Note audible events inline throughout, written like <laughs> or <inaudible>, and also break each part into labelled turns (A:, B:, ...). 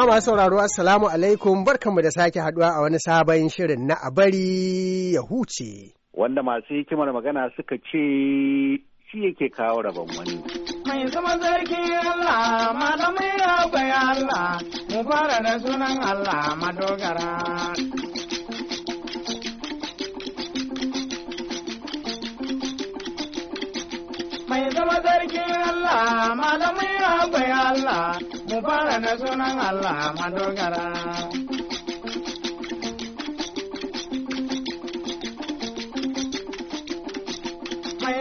A: Amma masu sauraro Assalamu alaikum barkanmu da sake haduwa a wani sabon
B: shirin na abari ya huce. Wanda masu hikimar magana suka ce shi yake kawo rabon wani.
C: Mai zama zarki Allah, malamai ya bai Allah,
B: mu fara da sunan Allah madogara.
C: Mai zama zarki Allah, malamai ya bai Allah, mu fara da sunan Allah madogara. Mai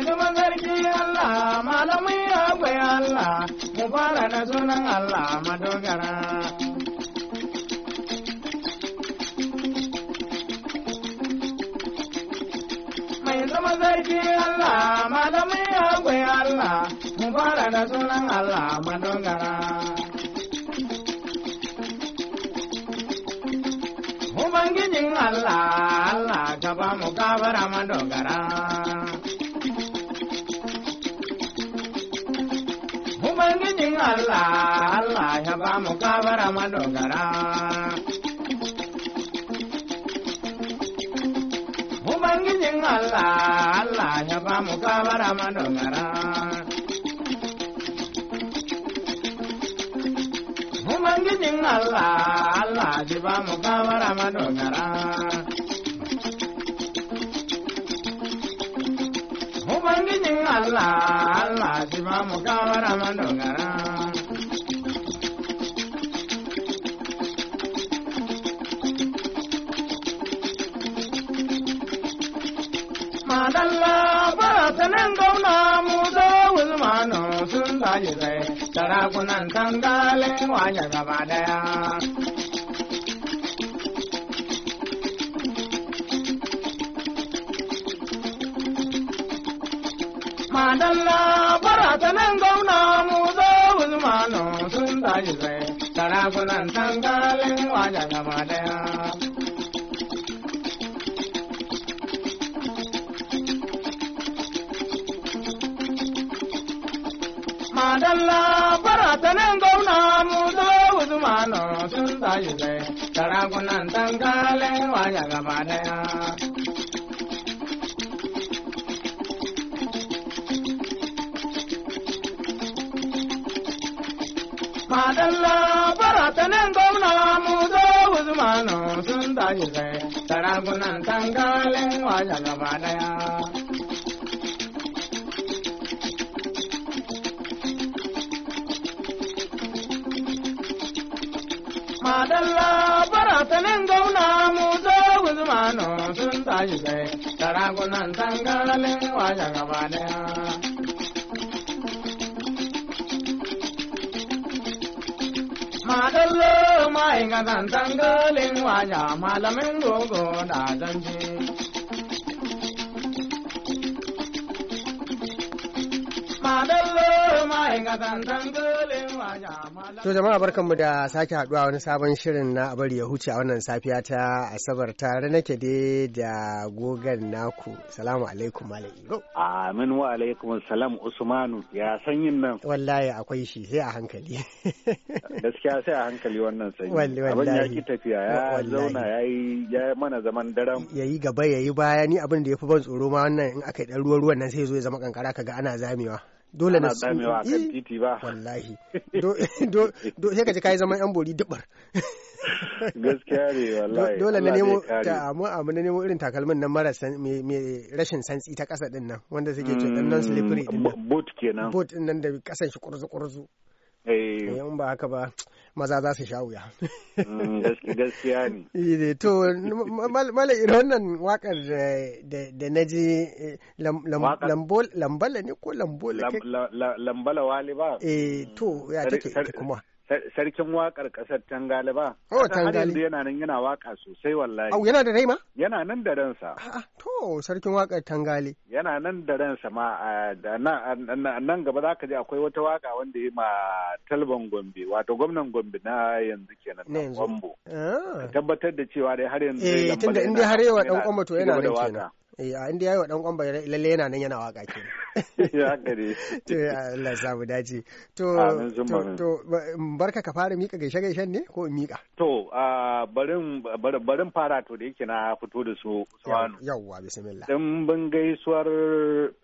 C: Allah, malamai akwai Allah, mu fara da sunan Allah madogara. Mai zama sarki Allah, malamai akwai Allah, mu fara da sunan Allah madogara. Allah Allah ka ba mu gafara madogara Ubangijin Allah Allah ya ba mu gafara madogara Ubangijin Allah Allah ya ba mu gafara madogara Ubangijin Allah, Allah ji ba mu gawara madogara. Ubangijin Allah, Allah ji ba mu gawara madogara. sarakunan kangale wanya gaba daya. Madalla barata nan zauna mu zo sun tashi zai sarakunan gaba daya. la sarakunan tankalin waya gaba daya. Madalla nan gwamna mu zo Usmanu sun tashi sai sarakunan tankalin waya gaba daya. Madalla bai sarakunan tangaralin waje gaba daya madallo ma'aikatan tangalin waje malamin gogo da zance madallo To
A: jama'a barkanmu da sake haduwa wani sabon shirin na bari ya huce a wannan safiya ta Asabar tare nake dai da gogan naku. Salamu alaikum Malam
B: Igo. Amin wa alaikum salam Usmanu ya sanyin nan.
A: Wallahi akwai shi sai a hankali.
B: <laughs> Gaskiya sai a hankali wannan sanyi. Wallahi wallahi. Abin ya ki tafiya ya zauna ya yi ya mana zaman daren.
A: Ya yi gaba ya yi baya ni abin da ya fi ban tsoro ma wannan in aka yi dan ruwa ruwan nan sai zo ya zama kankara kaga ana zamewa. dole na tsamewa eh,
B: titi ba wallahi <laughs> do
A: sai ka ji kai zaman yan bori dubar
B: <laughs> gaskiya ne wallahi dole na nemo ta
A: mu amu na nemo irin takalmin nan mara mai rashin santsi ta kasa din nan wanda suke ce dan mm, nan slippery din boot kenan boot din nan da kasan shi kurzu kurzu Eh. Eh, in ba haka ba maza za su sha wuya.
B: Mm, gaskiya ne.
A: <laughs> To, mala iri wannan wakar da na ji eh, lambala
B: ne ko lambola? Lambala wali ba.
A: Eh, to, ya mm. take kuma.
B: sarkin wakar kasar Tangaliba.
A: Oh, Tangali.
B: yana nan yana waka sosai wallahi. Oh, yana da rai ma? Yana nan da ransa.
A: to, sarkin wakar Tangali.
B: Yana nan da ransa ma nan gaba za ka ji akwai wata waka wanda ya ma Talban Gombe, wato gwamnan Gombe na yanzu kenan na Ah. Tabbatar da cewa dai har yanzu. Eh, tunda in dai har yawa ɗan Kwambo to yana nan kenan.
A: Eh, a inda yi wa dan kwamba lalle yana nan yana waƙa ke <laughs> ya gare
B: <laughs> to Allah
A: samu dace to to barka ka fara mika gaishe gaishen ne ko mika
B: to barin barin fara to da yake na fito da su suwanu yawwa bismillah dan ban gaisuwar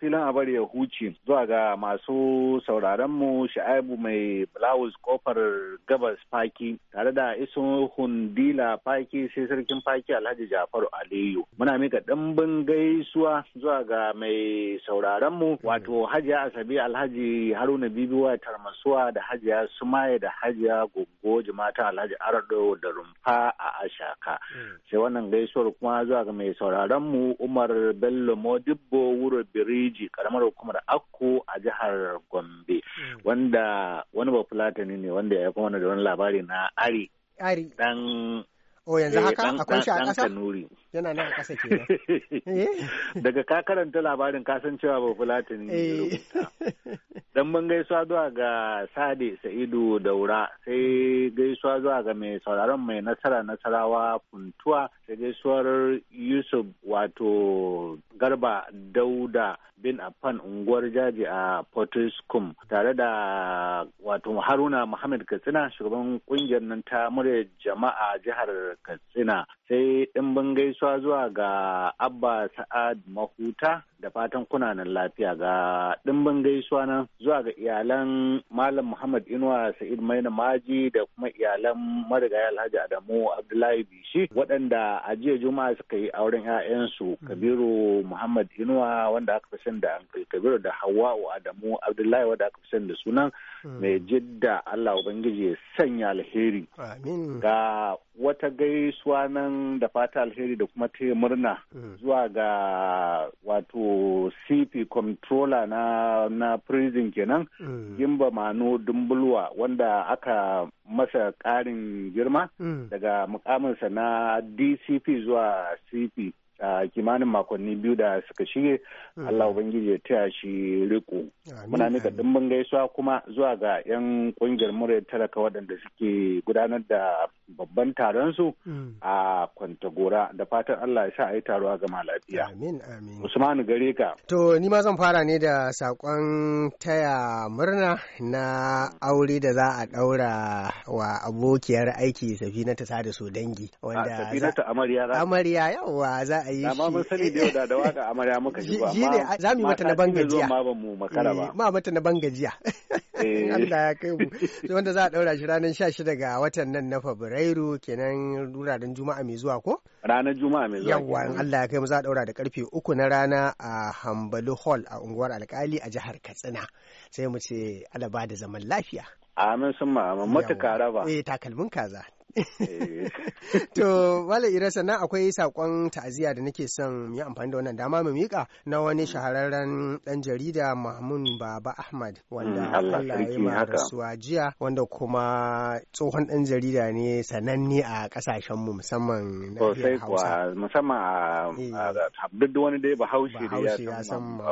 B: filin abar ya huce zuwa ga masu sauraron mu Shu'aibu mai blouse kofar gabas faki tare da isu hundila faki sai sarkin faki Alhaji Jafaru Aliyu muna mika dan ban gaisuwar gaisuwa zuwa ga mai sauraronmu mm. wato hajiya asabi alhaji haruna bibiwa tarmasuwa da hajiya sumaye da hajiya gogoji jimata alhaji arado da rumfa a ashaka mm. sai wannan gaisuwar kuma zuwa ga mai sauraronmu umar bello modibbo wuro biriji karamar hukumar akko a jihar gombe mm. wanda wani bafulatani ne wanda ya kuma da wani labari na ari ari dan O oh, yanzu eh, haka akwai shi a ƙasa? Yana nan a ƙasa <laughs> ke eh? Daga ka karanta labarin cewa ba Fulatani ne eh. Dan mun gaisuwa zuwa ga Sade Sa'idu Daura sai gaisuwa zuwa ga mai sauraron mai nasara nasarawa Funtuwa sai gaisuwar Yusuf wato Garba Dauda bin a Affan unguwar jaji a Potiskum tare da wato Haruna Muhammad Katsina shugaban kungiyar nan ta murya jama'a jihar Katsina sai ɗimbin gaisuwa zuwa ga Abba Sa'ad Mahuta da fatan kunanan lafiya ga ɗimbin gaisuwa nan zuwa ga iyalan Malam Muhammad Inuwa Sa'id Maina Maji da kuma iyalan marigayi Alhaji Adamu Abdullahi Bishi waɗanda a jiya Juma'a suka yi auren 'ya'yansu mm. Kabiru Muhammad Inuwa wanda aka fi san da Kabiru da Hawwa'u Adamu Abdullahi wadda aka fi san da sunan hmm. mai jidda Allah Ubangiji ya sanya alheri. Ga wata gaisuwa nan da fata alheri da kuma ta murna hmm. zuwa ga wato CP controller na na prison kenan hmm. Gimba Mano Dumbulwa wanda aka masa ƙarin girma daga mukaminsa na DCP zuwa CP. a kimanin makonni biyu da suka shige hmm. Allah Ubangiji ya taya shi riko. Muna nika dimbin gaisuwa kuma zuwa ga 'yan kungiyar muryar talaka waɗanda suke gudanar da babban taron su mm. a Kwantagora da fatan Allah ya sa a yi taro a gama lafiya. Amin amin. Usmanu gare ka.
A: To ni ma zan fara ne da sakon taya murna na aure da za a daura wa abokiyar aiki Safina ta sada so dangi wanda Safina ta amarya amarya yawa za a yi shi. Amma mun sani da yau da da waka
B: amarya muka ji ba. Shi ne za mu yi mata na gajiya. Ma ba mu makara ba. Eh,
A: ma mata na gajiya. <laughs>
B: Eh. Allah
A: ya kai mu. Wanda za a daura shi ranar 16 ga watan nan na Fabrairu. Fabrairu kenan wuraren Juma'a mai zuwa ko?
B: Ranar Juma'a mai zuwa. Yawwa in Allah
A: ya kai mu za a daura da karfe uku na rana a Hambalu Hall a unguwar Alkali a jihar Katsina. Sai mu ce alaba da zaman lafiya.
B: Amin sun ma'amin matuƙa raba. Eh
A: takalmin kaza
B: Eh. <laughs>
A: to Malam Ira sannan akwai sakon ta'aziyya da nake son yi amfani da wannan dama mu mika na wani shahararren dan jarida Mahmud Baba Ahmad wanda hmm, Allah ya ma rasuwa jiya wanda kuma tsohon dan jarida ne sananne a kasashen mu musamman na Hausa
B: musamman a eh. duk wani dai Bahaushe da ya san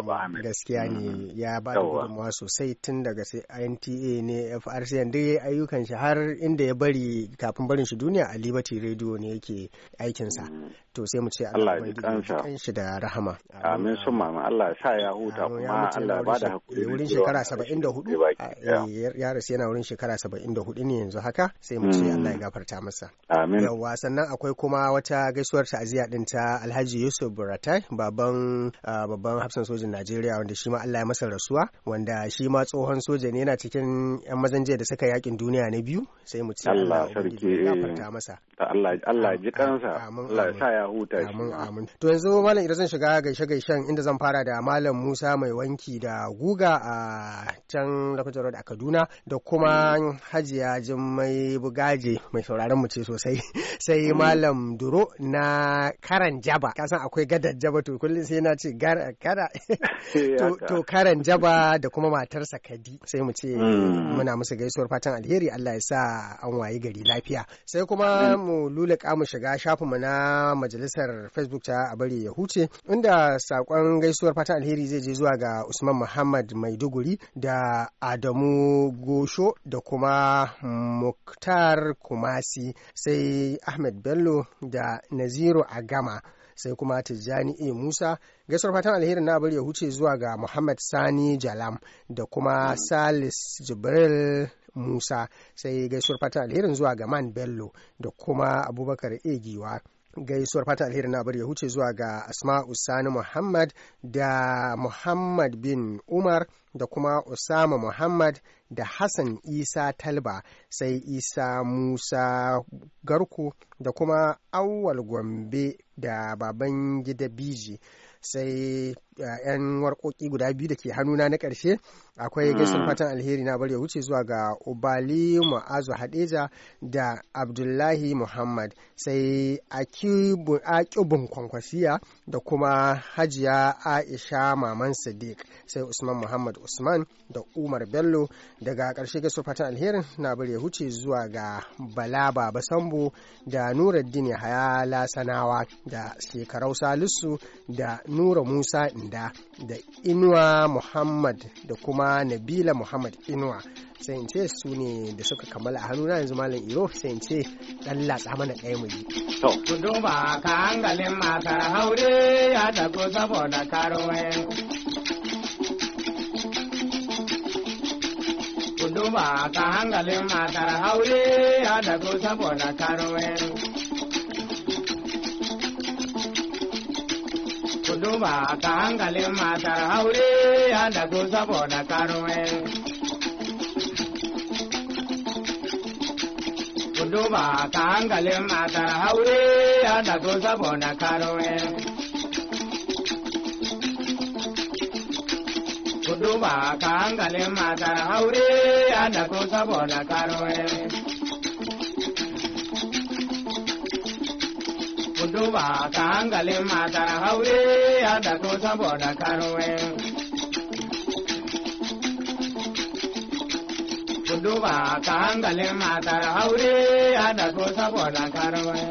A: gaskiya ne hmm. ya ba da gudunmawa sosai tun daga NTA ne FRC duk ayyukan shi har inda ya bari kafin barin shi duniya a liberty radio ne yake aikinsa to sai mu ce Allah ya kansa
B: shi da rahama amin sun mama Allah ya sa ya huta kuma Allah ya bada hakuri wurin shekara
A: 74 eh, ya rasu yana wurin shekara 74 ne yanzu haka sai mu ce hmm. Allah ya gafarta masa amin yawa sannan akwai kuma wata gaisuwar ta'aziyya din ta Alhaji Yusuf Buratai baban babban hafsan sojin Najeriya wanda shi ma Allah ya masa rasuwa wanda shi ma tsohon soja ne yana cikin yan mazan jiya da suka yakin duniya na biyu sai
B: mu ce Allah ya gafarta masa Allah ya ji kansa Allah ya sa ya huta shi amin amin
A: to yanzu malam idan zan shiga gaishe gaishen inda zan fara da malam Musa mai wanki da guga a can Road a Kaduna da kuma Hajiya Jummai Bugaje mai sauraron mu ce sosai <laughs> sai malam Duro na Karan Jaba kasan akwai gadar Jaba to kullum sai na ce gara <laughs> kada
B: to
A: Karan Jaba da kuma matarsa Kadi sai mu ce mm. muna musu gaisuwar fatan alheri Allah ya sa an wayi gari lafiya sai kuma mu lulluka mu shiga shafin mu na majalisar facebook ta a bari ya huce inda sakon gaisuwar fatan alheri zai je zuwa ga usman muhammad maiduguri da adamu gosho da kuma muktar kumasi sai ahmed bello da naziru agama sai kuma tijjani e musa gaisuwar fatan alherin na bari ya huce zuwa ga muhammad sani jalam da kuma salis jibril musa sai gaisuwar fatan alherin zuwa ga man bello da kuma abubakar egiwa gaisuwar fata alheri na bari ya huce zuwa ga asma'u sani muhammad da muhammad bin umar da kuma usama muhammad da hassan isa talba sai isa musa garko da kuma awal gombe da baban gida biji sai yan warkoki guda biyu da ke hannuna na ƙarshe akwai hmm. gaisuwar fatan alheri na bari ya wuce zuwa ga ubali mu'azu hadeja da abdullahi muhammad sai a akibun kwankwasiya da kuma hajiya aisha maman sadiq sai usman muhammad usman da umar bello daga ƙarshe gasu fatan alherin na bari ya huce zuwa ga bala baba sambo da Dini yahaya lasanawa da shekarau salisu da nura musa inda da inuwa muhammad da kuma nabila muhammad inuwa sai in ce su ne da suka kammala a hannuna yanzu malam iro sai in ce dan latsa mana ɗaya mu yi. Ku
C: duba ka hangalin matar haure ya tagu saboda karuwai. Ku duba ka hangalin matar haure ya tagu saboda karuwai. Ku duba ka hangalin matar haure ya tagu saboda karuwai. duba ka hankalin matar haure ya natsu saboda karuwe. Ku ka hankalin matar haure ya natsu saboda karuwe. Ku duba ka hankalin matar haure ya natsu boda karuwe. duba ka hankalin matar aure ya da so saboda karwai.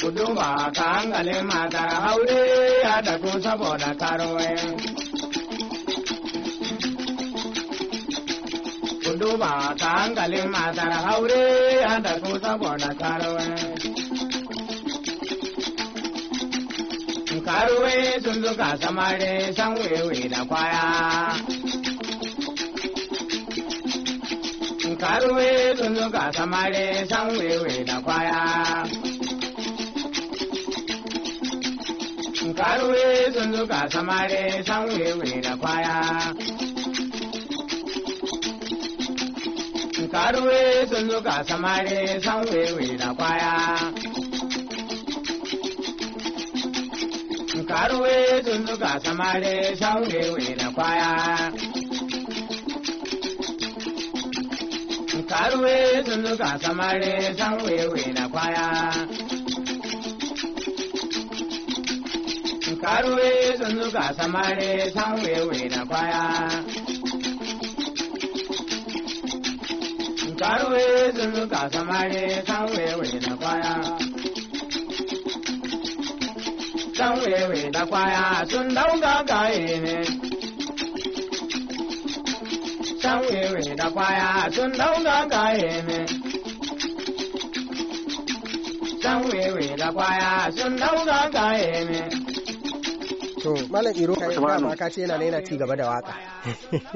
C: Ku duba ka hankalin matar aure ya da so saboda karwai. Ku duba ka hankalin matar aure ya da so saboda karwai. karuwe sun zuka samare san wewe da kwaya. Karuwe sun zuka samare san wewe da kwaya. Karuwe sun zuka samare san wewe da kwaya. Karuwe sun zuka samare san wewe da kwaya. karuwe dunduka samare shaurewe na kwaya karuwe dunduka samare shaurewe na kwaya karuwe dunduka samare shaurewe na kwaya karuwe dunduka samare shaurewe na kwaya dan da kwaya sun dau gagaye ne. da kwaya sun dau gagaye
A: da kwaya sun dau gagaye ne. Malam Iro, kai ma ka ce yana ci gaba da waka.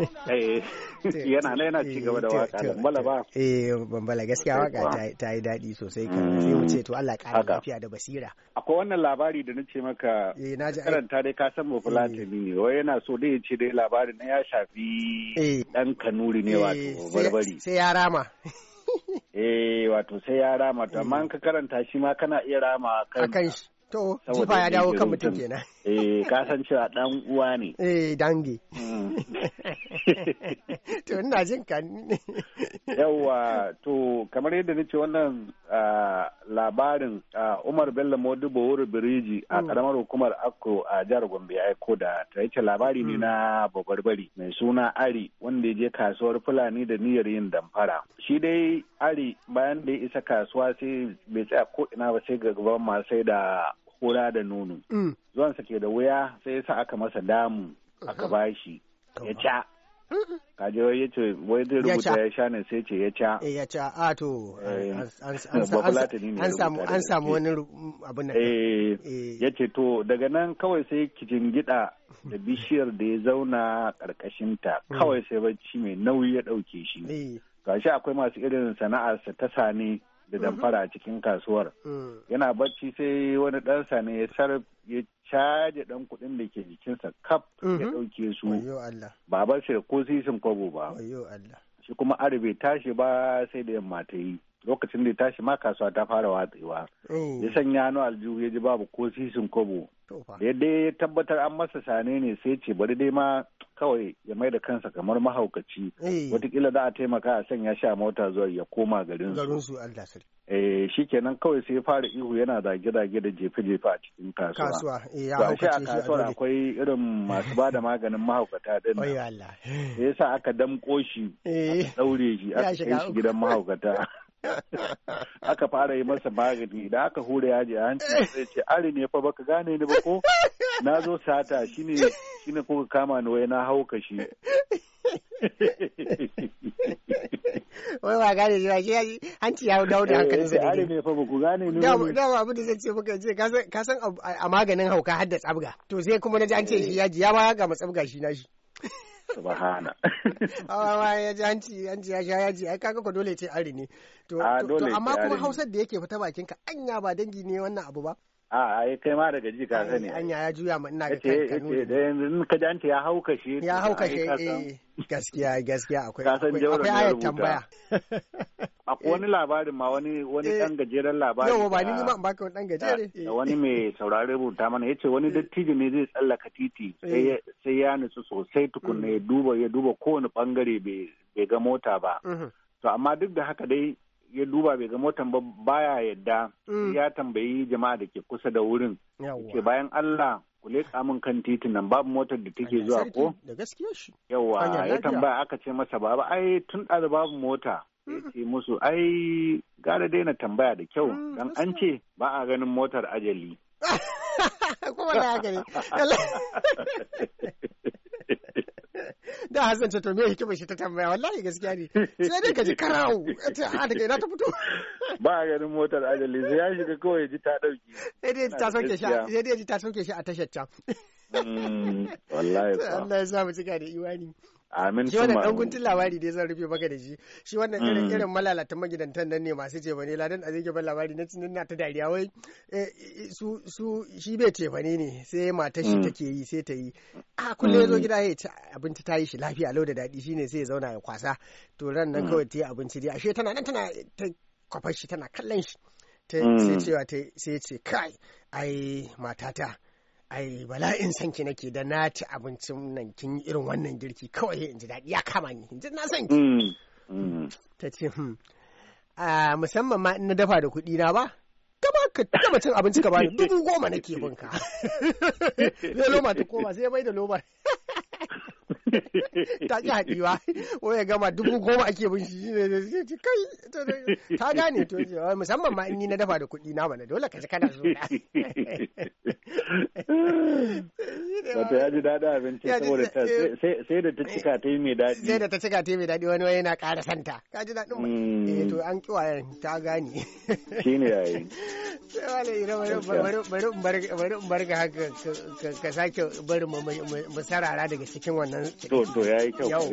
B: <laughs> Eh, <laughs> yana na yana ci gaba da waka bambala ba
A: eh bambala gaskiya waka ta yi daɗi sosai kan mm. sai mu ce to Allah ya ƙara lafiya da basira
B: akwai wannan labari da nace maka eh, karanta dai ka san mafulatani eh. ne wai yana so dai ya ce dai labarin na ya shafi dan kanuri ne wato barbari sai ya rama <laughs> eh wato sai ya rama to amma ka karanta shi ma kana iya rama kan
A: to jifa ya dawo kan mutum kenan Eh, kasan
B: cewa dan uwa ne. Eh, dangi.
A: Mm. <laughs> To, ina jin ka.
B: Yawwa, to, kamar yadda nace wannan labarin Umar Bello Modibo Wuri Biriji a mm. karamar hukumar Akko a jihar Gombe ya aiko da ta labari ne mm. na babarbari mai suna Ari wanda ya je kasuwar Fulani da niyyar yin damfara. Shi dai Ari bayan da ya isa kasuwa sai bai tsaya ko ina ba sai ga gaban masu sai da kora da nono mm. zuwan sa ke da wuya sai yasa aka masa damu aka bashi ya ca kaje ya ce wai zai rubuta ya sha ne sai ce ya ca
A: eh, ya ca a ah, to eh. Eh, an samu wani mm,
B: abin nan ya ce to daga nan kawai sai kijin gida da bishiyar da ya zauna karkashin ta. Mm. kawai sai bacci mai nauyi ya dauke shi gashi akwai masu irin sana'arsa ta sani da mhm. damfara a cikin kasuwar mm. yana bacci sai wani ɗansa ne ya sar ya caje ɗan kuɗin da ke jikinsa kaf ya mhm. ɗauke su ba ba shi ko sisin kwabo ba shi kuma arabe tashi ba sai da yamma ta yi lokacin da ya tashi ma kasuwa ta fara watsewa oh. ya sanya hannu aljihu ya ji babu ko sisin kobo da yadda ya tabbatar an masa sane ne sai ce bari dai ma kawai ya mai da kansa kamar mahaukaci eh. watakila za a taimaka a sanya sha mota zuwa ya koma garin su eh shi kenan kawai sai ya fara ihu yana zage-zage da jefe-jefe a cikin kasuwa ba eh, shi a kasuwar akwai irin masu bada maganin mahaukata din nan yasa aka damko eh. shi aka daure shi aka kai shi gidan mahaukata <laughs> <laughs> aka fara yi masa magani da aka hure yaji a hanci eh. zai ce ari ne fa baka gane ni ba ko na zo sata shine shine kuka kama ni wai na hau kashi <laughs>
A: wai ba gane ni ba shi hanci ya dawo da eh, hankali sa ari ne
B: fa baku gane ni da ba
A: abu da zai ce muka ce ka san a maganin hauka hadda tsabga to sai kuma naji an ce shi yaji ya ba ga matsabga shi na shi hana. awa <laughs> ah, ya ji hanci hanci ya sha ji ai kaga ko dole ce ari ne to ah, amma kuma hausar da yake fita bakin ka anya ba dangi ne wannan abu ba a ai eh, kai ma
B: daga ji ka ne.
A: anya ya juya ma ina ga kankanu da
B: yanzu ka ji an ya shi ya shi eh
A: gaskiya gaskiya
B: akwai akwai ayat tambaya <laughs> akwai wani labarin ma wani wani dan eh, gajeren labari yawa ba ni ma
A: ba ka dan gajere
B: wani mai saurare rubuta mana yace wani eh. dattijo ne zai tsallaka titi sai ya nutsu sosai tukunna mm. ya duba ya duba kowane bangare bai ga mota ba mm-hmm. to amma duk da haka dai ya duba bai ga motan ba baya yadda mm. ya tambayi jama'a da ke kusa da wurin ke bayan Allah ku leƙa min kan titin nan babu motar da take zuwa ko yawa ya tambaya aka ce masa babu ai tun ɗazu babu mota ya mm. ce musu ai gara daina tambaya da kyau mm, dan an ce ba a ganin motar ajali <laughs>
A: <laughs> <laughs> da Hassan ta tome hikima shi ta tambaya wallahi gaskiya ne
B: sai dai ka ji karau ta daga ina ta fito ba ganin motar ajali sai ya shiga kawai ya ji ta dauki sai dai ta sauke shi sai
A: dai ta sauke shi a tashar can
B: hmm, wallahi <laughs> Allah
A: ya sa mu cika da iwani
B: Amin Shi wannan ɗan guntun
A: labari ne zan rufe maka da shi. Shi wannan irin mm. irin malalatan magidantan nan ne masu ce bane ladan a zai ban labari na cinin na ta dariya wai eh, su shi bai ce ne sai matar shi mm. take yi sai ta yi. A ah, kullum ya zo mm. gida ya ci abinci ta yi shi lafiya lau da daɗi shine sai ya zauna ya kwasa. To ran nan kawai ta yi abinci dai ashe tana nan tana ta kwafar tana kallon shi.
B: Sai cewa
A: sai ce kai ai matata. ai bala'in san ki nake da na ci abincin nan kin irin wannan girki kawai in ji daɗi ya kama ni in ji na san ki mm, mm. ta ce hmm, musamman ma in na dafa da kuɗi na ba gaba ka gama cin abinci ka bani dubu goma nake bunka zai <laughs> loma ta koma sai bai da loma <laughs> ta ki haɗiwa wai ya gama dubu goma ake bin shi ne kai ta gane to musamman ma in yi na dafa da kuɗi na bana dole ka ji kana zuwa
B: <laughs> wato ya ji daɗa abinci saboda sai da ta cika ta yi mai
A: daɗi sai da ta cika ta yi mai daɗi wani wani yana ƙara santa ka ji daɗin mai mm. eh, to an kiwayen ta gane shi ne yi sai wale bari in bar ka haka ka sake bari mu sarara daga cikin wannan
B: to to yi kyau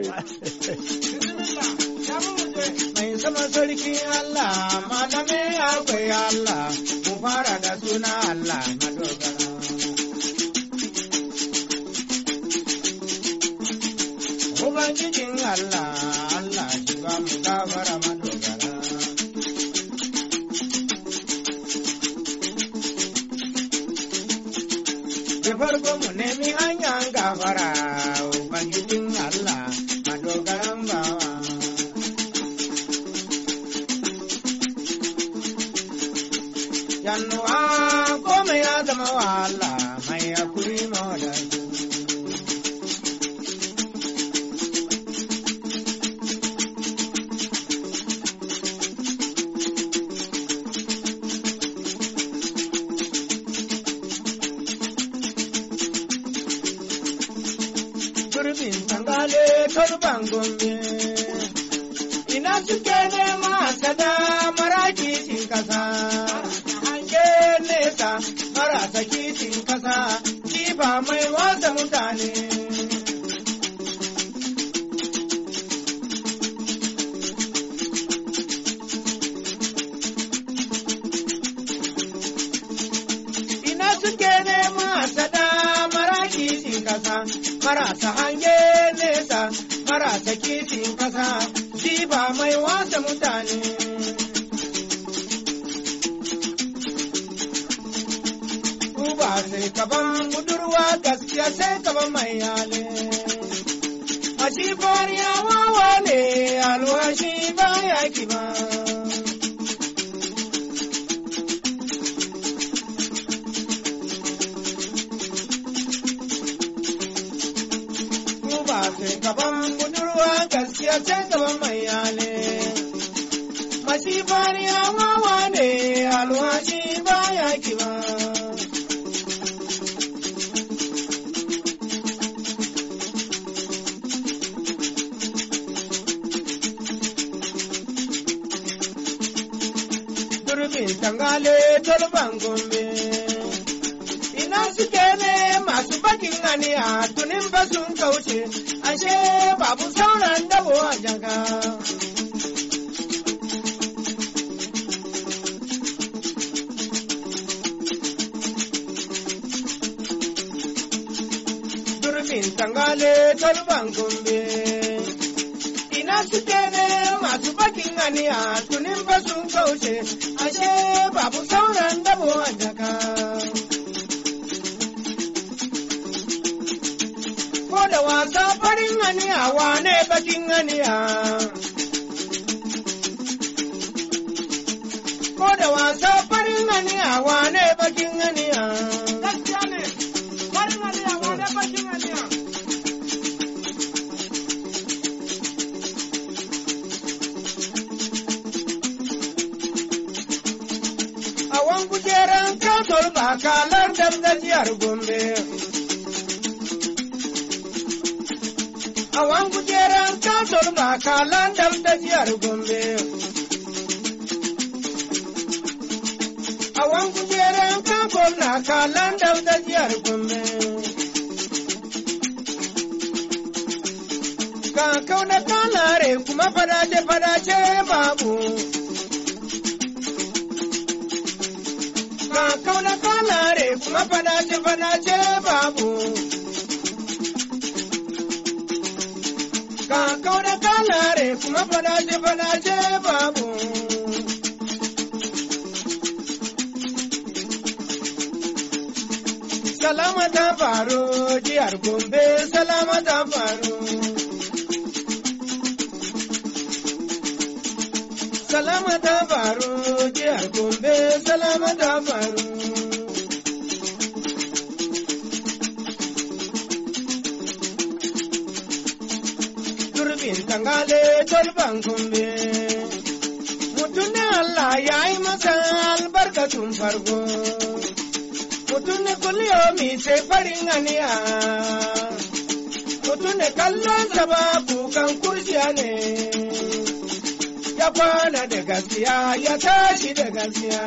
A: mai sama sarki Allah malame akwai
D: Allah
C: ku fara da suna Allah Ubangijin Allah Allah shi ba mu madogara Da farko mu nemi hanyar gabara ubangijin Allah madogaran bawa. Yannuwa komai ya
D: gurbin tangale karban gombe. Ina suke nema sada maraki cin kasa, hanke nesa marasa kitin kasa, kifa mai wasa mutane. marasa hange nesa marasa kifin kasa shi ba mai wasa mutane. Kuba sai kaban budurwa gaskiya sai kaban mai yale. A shi fariya wawa ne alwashi ba ya Shugaban budurwa gaskiya ce gaban mai yale. Masifar yawawa ne alwashi baya kiba. gurbin tangale tolban gombe ina suke ne masu bakin aniya tunin ba kauce ashe babu sauran dabo a jaka. Durfin tangale talban gombe ina suke ne masu bakin aniya tunin ba kaushe ashe babu sauran dabo a farin aniya wane bakin aniya. ko da wasa farin aniya wane bakin aniya. Gaskiya ne, farin aniya wane bakin aniya. A wan kujeran kasar ba kalar dangajiyar Gombe. hawan kujeran kantor makalan da tafiyar gombe. Hawan kujeran kantor makalan da tafiyar gombe. Kankau na talare kuma fadace-fadace babu. Kankau na talare kuma fadace-fadace babu. ka kauna kalare kuma fadace fadace babu salama ta faru jihar gombe salama ta faru salama ta faru jihar gombe salama ta faru calban gombe Allah ya yi masa albarkacin farko mutumin kuliyomi sai farin aniya mutumin kallon ba kukan kurciya ne ya kwana da gaskiya ya tashi da gaskiya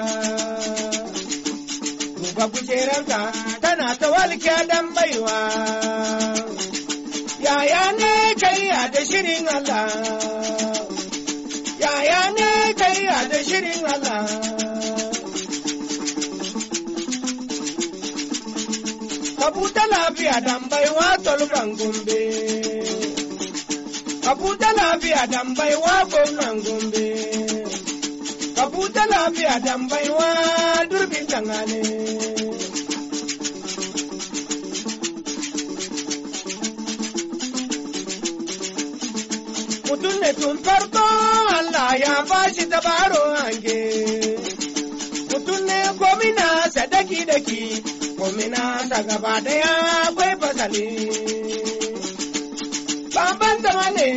D: Kuka kujerarka tana ta walƙiya dan baiwa. yaya ne kai da shirin Allah yaya ne kai da shirin Allah Abuta lafiya dan baiwa tolban gombe Abuta lafiya dan baiwa gwamnan gombe Abuta lafiya dan baiwa durbin dangane tunne tun farko Allah ya bashi dabaro hange. Mutum ne komina sadaki daki, komina ta gaba daya akwai fasali. Baban zama ne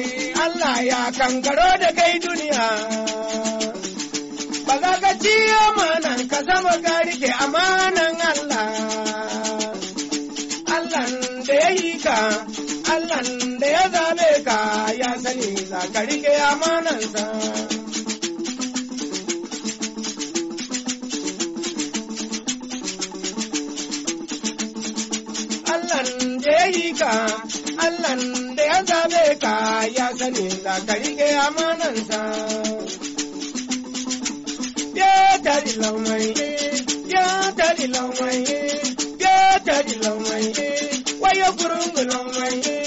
D: Allah ya kangaro da kai duniya. Ba za ka ci amanan ka zama ka amana amanan Allah. Allah da ya yi ka Allah da ya zabe ka ya sani za ka rike amanansa. Allah da ya yi ka, Allah da ya zabe ka ya sani za ka rike amanansa. Ya tari lamai, ya tari lamai, ya tari lamai, waye kurungu lamai.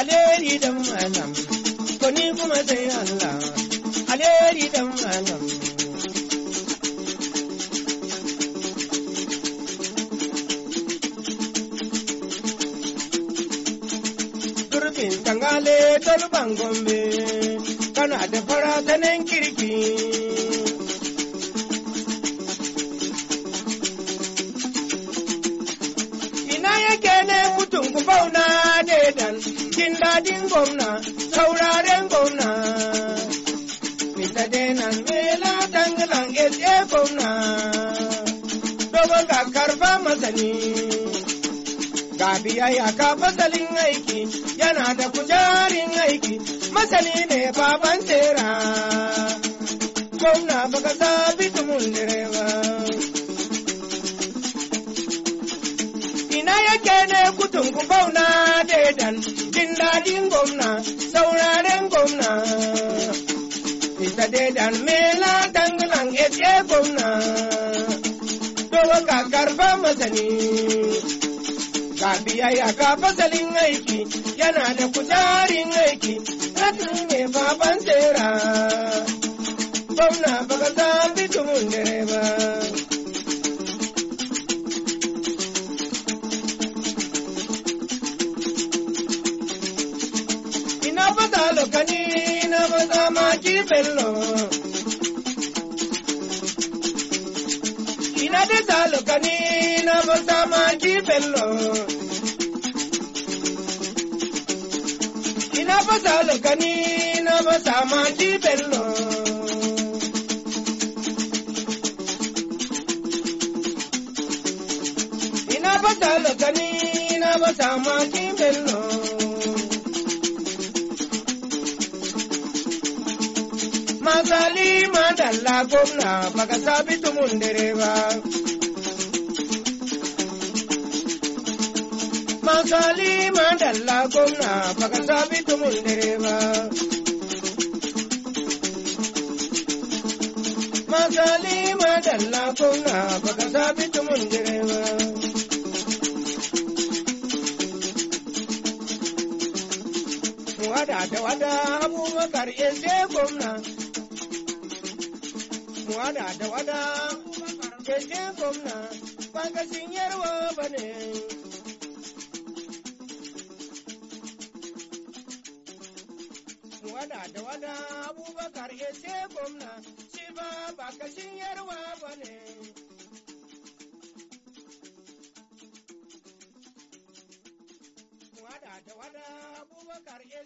D: alheri dan malam ko ni kuma sai Allah alheri dan malam Turbin tangale tolban gombe kana da fara sanin kirki Ina yake ne jin daɗin gwamna sauraren gwamna mista denan mela dangalan sa gwamna dogon ga karfa masani ga biyayya ka fasalin aiki yana da kujarin aiki masani ne baban tera gwamna baka sabi tumun direba ina yake ne kutun ku bauna dedan jin daɗin gwamna sauraren gwamna ita dai dan mela dangulan ete gwamna dogo ka karfa masani kafiya ya ka fasalin aiki yana da kuzarin aiki ratin mai baban tsera gwamna baka zafi tumun direba bello. Ina de talo canina volta mangi bello. Ina pasalo canina volta mangi bello. Ina pasalo canina volta mangi bello. madalla gwamna baka sabi tumun dare ba. Makali madalla gwamna baka sabi tumun dare ba. Makali madalla gwamna baka sabi tumun dare ba. Wada da wada abubakar ya gwamna. tawada tawada keke gwamna ba kashin yarwa ba ne. Wada da wada abubakar ece gwamna shi ba ba kashin yarwa ba ne. Wada da wada abubakar